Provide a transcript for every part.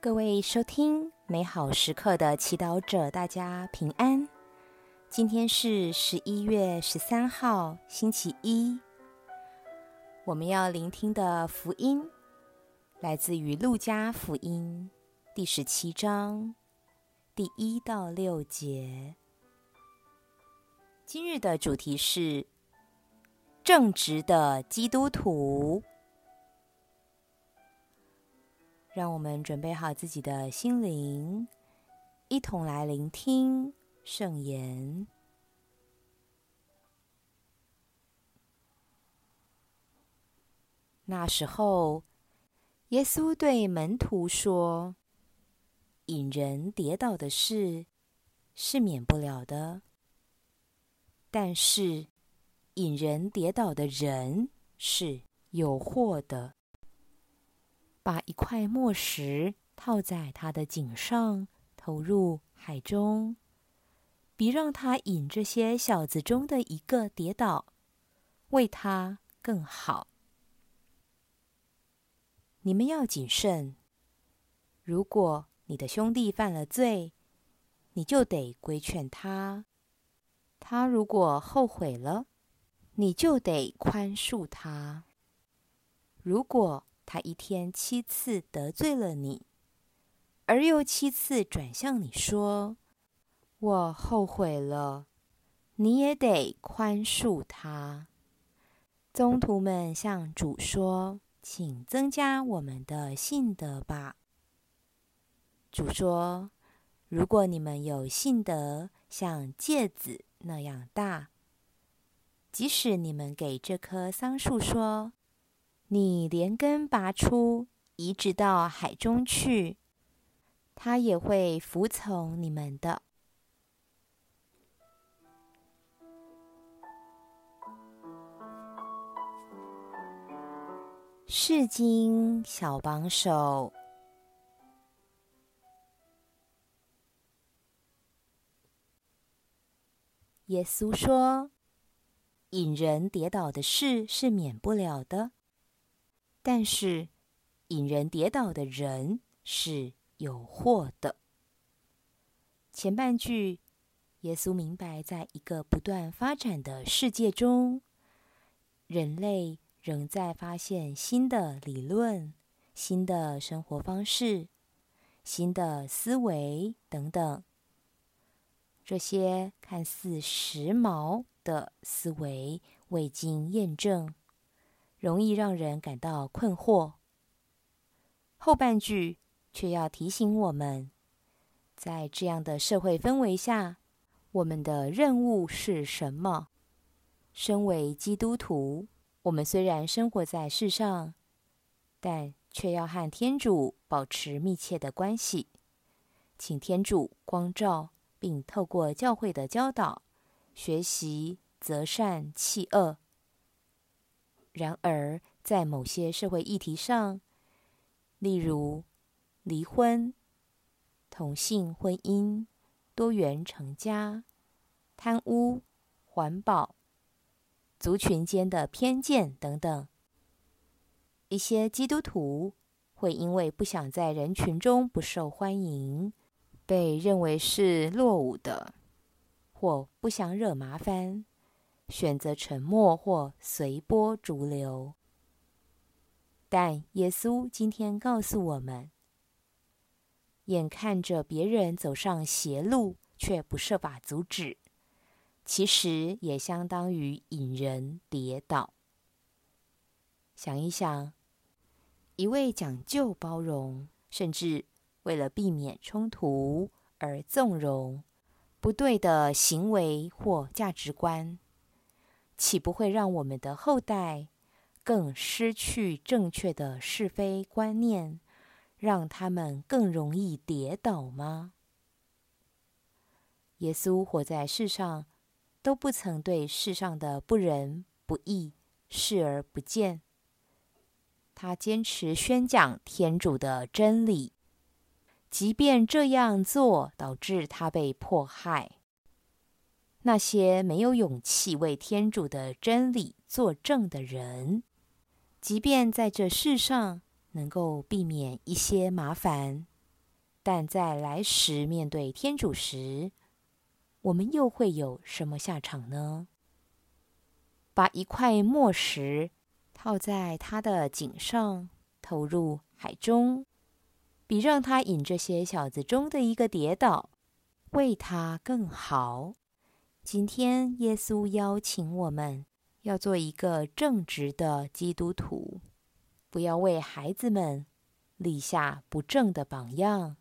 各位收聽美好時刻的祈禱者，大家平安。今天是十一月十三號，星期一。我們要聆聽的福音來自於《路加福音》第十七章第一到六節。今日的主題是正直的基督徒。讓我們準備好自己的心靈，一同來聆聽聖言。那時候，耶穌對門徒說：“引人跌倒的事是免不了的，但是引人跌倒的人是有禍的。”把一塊磨石套在他的頸上，投入海中，比讓他引這些小子中的一個跌倒，為他更好。你們要謹慎。如果你的兄弟犯了罪，你就得規勸他；他如果後悔了，你就得寬恕他。如果……他一天七次得罪了你，而又七次轉向你說：“我後悔了。”你也得寬恕他。宗徒們向主說：“請增加我們的信德吧。”主說：“如果你們有信德像芥子那樣大，即使你們給這棵桑樹說，”你連根拔出，移植到海中去，它也會服從你們的。釋經小幫手。耶穌說：“引人跌倒的事是免不了的。”但是，引人跌倒的人是有禍的。前半句，耶穌明白，在一個不斷發展的世界中，人類仍在發現新的理論、新的生活方式、新的思維等等。這些看似時髦的思維，未經驗證。容易讓人感到困惑。後半句卻要提醒我們，在這樣的社會氛圍下，我們的任務是什麼？身為基督徒，我們雖然生活在世上，但卻要和天主保持密切的關係，請天主光照，並透過教會的教導，學習擇善棄惡。然而，在某些社會議題上，例如離婚、同性婚姻、多元成家、貪污、環保、族群間的偏見等等，一些基督徒會因為不想在人群中不受歡迎，被認為是落伍的，或不想惹麻煩。選擇沉默或隨波逐流，但耶穌今天告訴我們：眼看着別人走上邪路卻不設法阻止，其實也相當於引人跌倒。想一想，一味講究包容，甚至為了避免衝突而縱容不對的行為或價值觀，豈不會讓我們的後代更失去正確的是非觀念，讓他們更容易跌倒嗎？耶穌活在世上，都不曾對世上的不仁不義視而不見。他堅持宣講天主的真理，即便這樣做導致他被迫害。那些沒有勇氣為天主的真理作證的人，即便在這世上能夠避免一些麻煩，但在來時面對天主時，我們又會有什麼下場呢？把一塊磨石套在他的頸上，投入海中，比讓他引這些小子中的一個跌倒，為他更好。今天，耶穌邀請我們要做一個正直的基督徒，不要為孩子們立下不正的榜樣。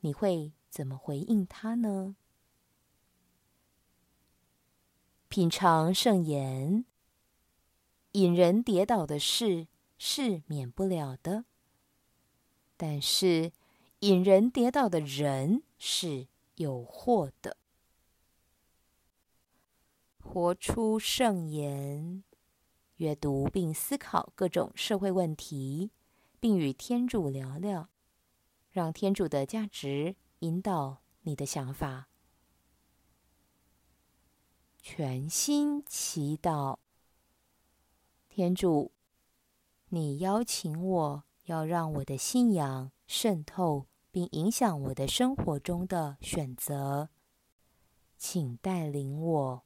你會怎麼回應他呢？品嘗聖言，引人跌倒的事是免不了的，但是引人跌倒的人是有禍的。活出聖言，閱讀並思考各種社會問題，並與天主聊聊，讓天主的價值引導你的想法。全心祈禱。天主，祢邀請我，要讓我的信仰滲透並影響我的生活中的選擇，請帶領我。